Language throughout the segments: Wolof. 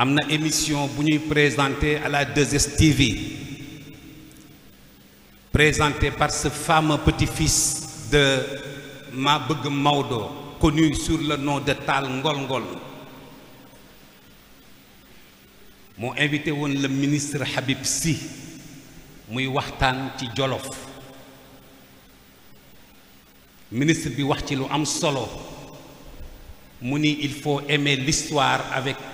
avons émission bu présenter à la 2 TV présentée par ce fameux petit-fils de Ma Bëgg connu sur le nom de Tal Ngol Ngol invité le ministre Habib Sy muy waxtaan ci Jolof ministre bi wax ci il faut aimer l'histoire avec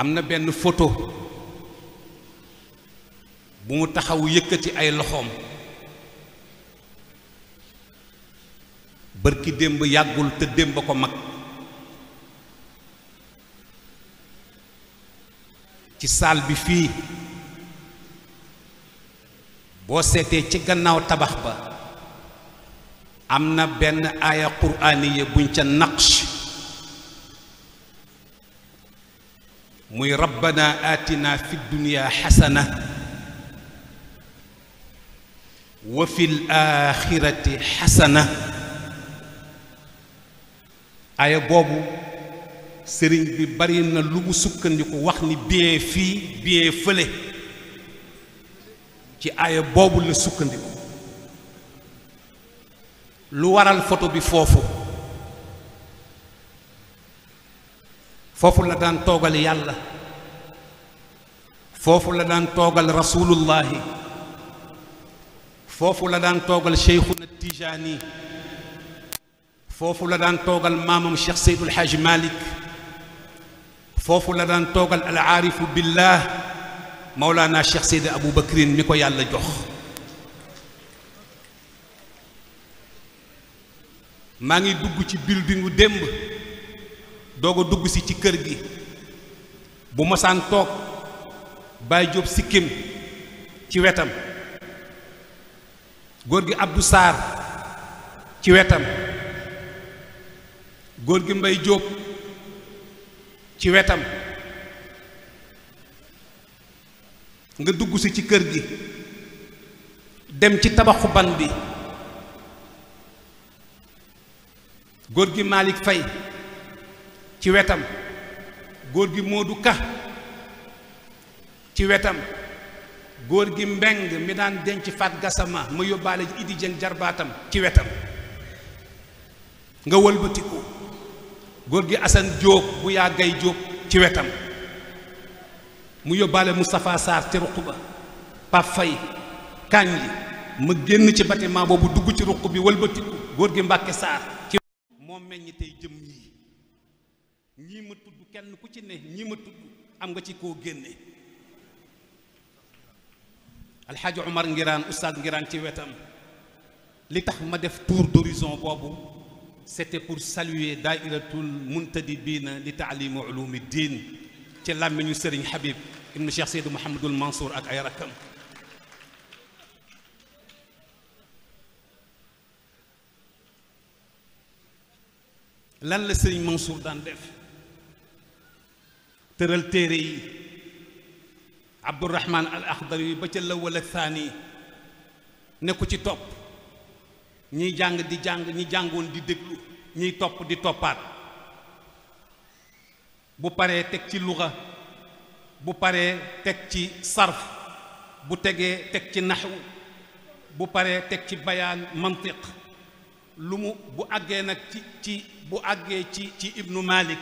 am na benn photo bu mu taxaw yëkkati ay loxoom bërki démb yàggul te démb ko mag ci saal bi fii boo seetee ci gannaaw tabax ba am na benn aaya quraaniya buñ ca naqsh muy rabbana aatina fi dunya xasana wa fi laaxirati xasana aya boobu sëriñ bi bari na lu mu sukkandiku wax ni bien fii bien fële ci aya boobu la sukkandiku lu waral photo bi foofu foofu la daan toogal yàlla foofu la daan toogal rasulullahi foofu la daan toogal cheikhuna tijaani foofu la daan toogal maamam cheikh seydul xaaj malik foofu la daan toogal al aarifu billah maolaana cheikh seydi abou bakrin mi ko yàlla jox maa ngi dugg ci buildingu démb doog a dugg si ci kër gi bu masaan toog Baye Diop sikkim ci wetam góor gi Abdou Sarr ci wetam góor gi Mbaye Diop ci wetam nga dugg si ci kër gi dem ci tabaxu ban bi góor gi Malick Faye ci wetam góor gi Moodu Ka ci wetam góor gi Mbeng mi daan denc Faat Gasama ma yóbbaale ji Idi Jeng jarbaatam ci wetam nga walbatiku góor gi Asan Jóob bu yaa gay Jóob ci wetam mu yóbbaale Moustapha Sarr ci ruq ba Pap Fay kañ ma génn ci bâtiment boobu dugg ci ruq bi wëlbatiku góor gi Mbàkke Sarr ci moo meññ tey jëm yi ñii ma tudd kenn ku ci ne ñii ma tudd am nga ci koo génne alxaaji Omar Ngiraan oustaz Ngiraan ci wetam li tax ma def tour d'horizon boobu c'était pour saluer daairatul muntadibina li taalimu ulumi diin ci làmmiñu sëriñ Habib ibnu Cheikh Seydou Mouhamadul Mansour ak ay rakkam lan la sëriñ Mansour daan def tëral téere yi abdurahman al axdar yi ba ca lawal ak saani nekku ci topp ñiy jàng di jàng ñi jàngoon di déglu ñiy topp di toppaat bu paree teg ci luxa bu paree teg ci sarf bu tegee teg ci naxwu bu paree teg ci bayaan mantiq lu mu bu àggee nag ci ci bu àggee ci ci ibnu malik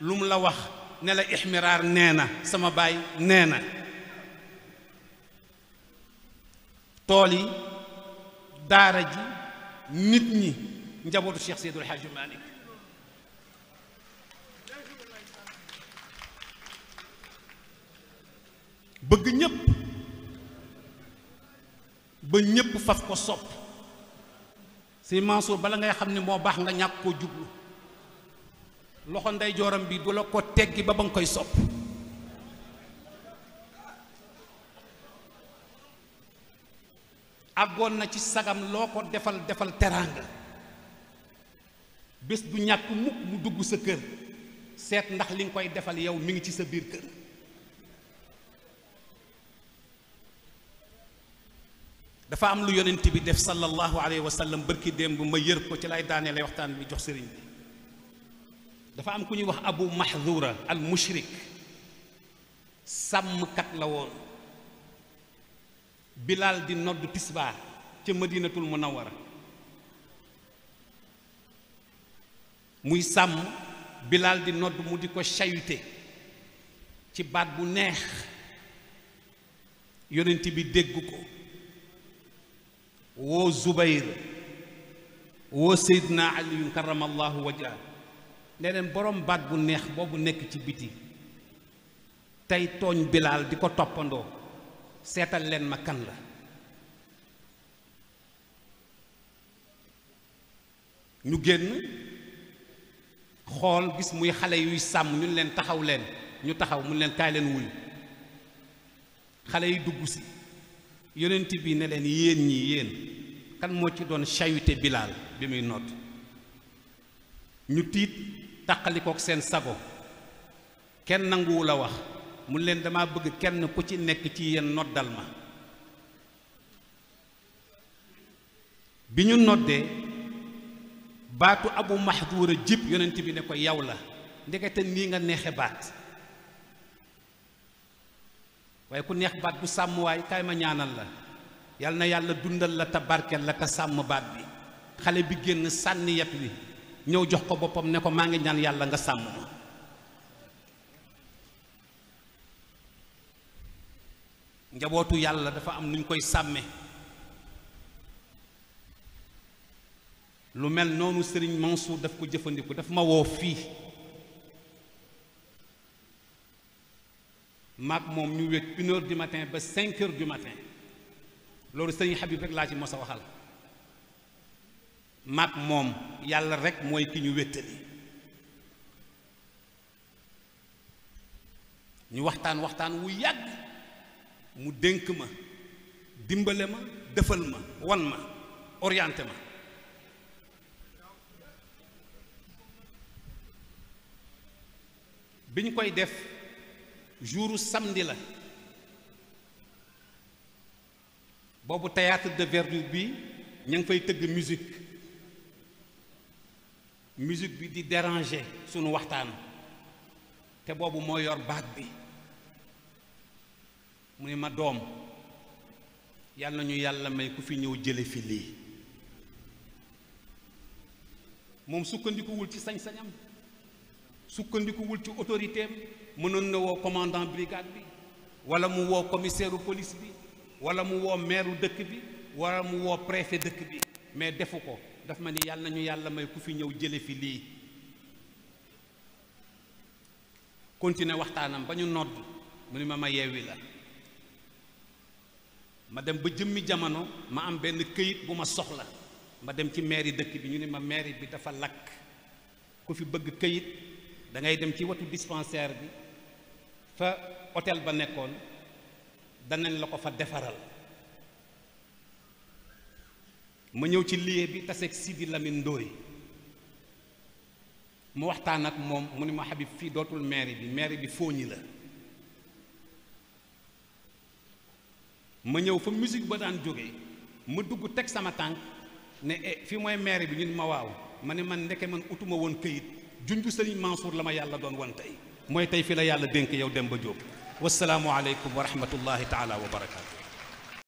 lu mu la wax ne la ixmiraar nee na sama baay nee na tool yi daara ji nit ñi njabootu Cheikh Seydul Hajji Malick bëgg ñépp ba ñépp faf ko sopp si Mansour bala ngay xam ni moo baax nga ñàkk koo jublu loxo ndeyjooram bi du la ko teggi ba ba nga koy sopp àggoon na ci sagam loo ko defal defal teraanga bés du ñàkk mukk mu dugg sa kër seet ndax li nga koy defal yow mi ngi ci sa biir kër dafa am lu yonent bi def sallallahu alayhi wa sallam dem démb ma yër ko ci lay daanee lay waxtaan bi jox sëriñ bi dafa am ku ñuy wax abu mahdura al mushrik sàmmkat la woon bilaal di nodd tisbaar ca madinatul munawara muy sàmm bilaal di nodd mu di ko sayute ci baat bu neex yonent bi dégg ko woo zubayr woo seydina aliyun karamallahu wajha nee neen borom baat bu neex boobu nekk ci biti tey tooñ bilaal di ko toppandoo seetal leen ma kan la ñu génn xool gis muy xale yuy sàmm ñun leen taxaw leen ñu taxaw mu leen kaay leen wuyu xale yi dugg si yonent bi ne leen yéen ñi yéen kan moo ci doon chayute bilaal bi muy noot ñu tiit taqalikook seen sago kenn nanguwu la wax mu leen dama bëgg kenn ku ci nekk ci yenn noddal ma bi ñu noddee baatu abu mahduura jib yonent bi ne ko yow la ndekete nii nga neexe baat waaye ku neex baat bu sàmm waay kaay ñaanal la yal na yàlla dundal la te barkeel la te sàmm baat bi xale bi génn sànni yat wi ñëw jox ko boppam ne ko maa ngi ñaan yàlla nga sàmm ma njabootu yàlla dafa am nuñ koy sàmme lu mel noonu sëriñ Mansour daf ko jëfandiku dafa ma woo fii maag moom ñu wéet une heure du matin ba cinq heures du matin loolu sëriñ Habib rek laa ci mos a waxal mag moom yàlla rekk mooy ki ñu wéttali ñu waxtaan waxtaan wu yàgg mu dénk ma dimbale ma defal ma wan ma orienté ma bi ñu koy def jouru samedi la boobu théâtre de verdure bi ña ngi fay tëgg musique musique bi di déranger sunu waxtaan té bobu mo yor baat bi mune ma dom yalla ñu yalla may ku fi ñew jëlé fi li mom sukkandiku wul ci sañ-sañam sukkandiku wul ci autorité mënon mënoon na woo commandant brigade bi wala mu wo commissaire police bi wala mu wo maire dëkk bi wala mu wo préfet dëkk bi mais defu dafa ma ni yàlla nañu yàlla may ku fi ñëw jële fi lii kontine waxtaanam ba ñu nodd mu ni ma ma yeewi la ma dem ba jëmmi jamono ma am benn këyit bu ma soxla ma dem ci mairie dëkk bi ñu ni ma mairie bi dafa lakk ku fi bëgg këyit dangay dem ci watu dispensaire bi fa hôtel ba nekkoon danañ la ko fa defaral ma ñëw ci lieu bi taseeg Sidi Lamine Ndoye ma waxtaan ak moom mu ne ma Habib fii dootul mairie bi mairie bi fooñi la ma ñëw fa musique ba daan jóge ma dugg teg sama tànk ne e fii mooy mairie bi ñun ma waaw ma ne man ndeke man utuma woon këyit junju sëriñ Mansour la ma yàlla doon wan tey mooy tey fi la yàlla dénk yow dem ba jóob wa wasalaamualeykum wa rahmatullahi taala wa barakaatu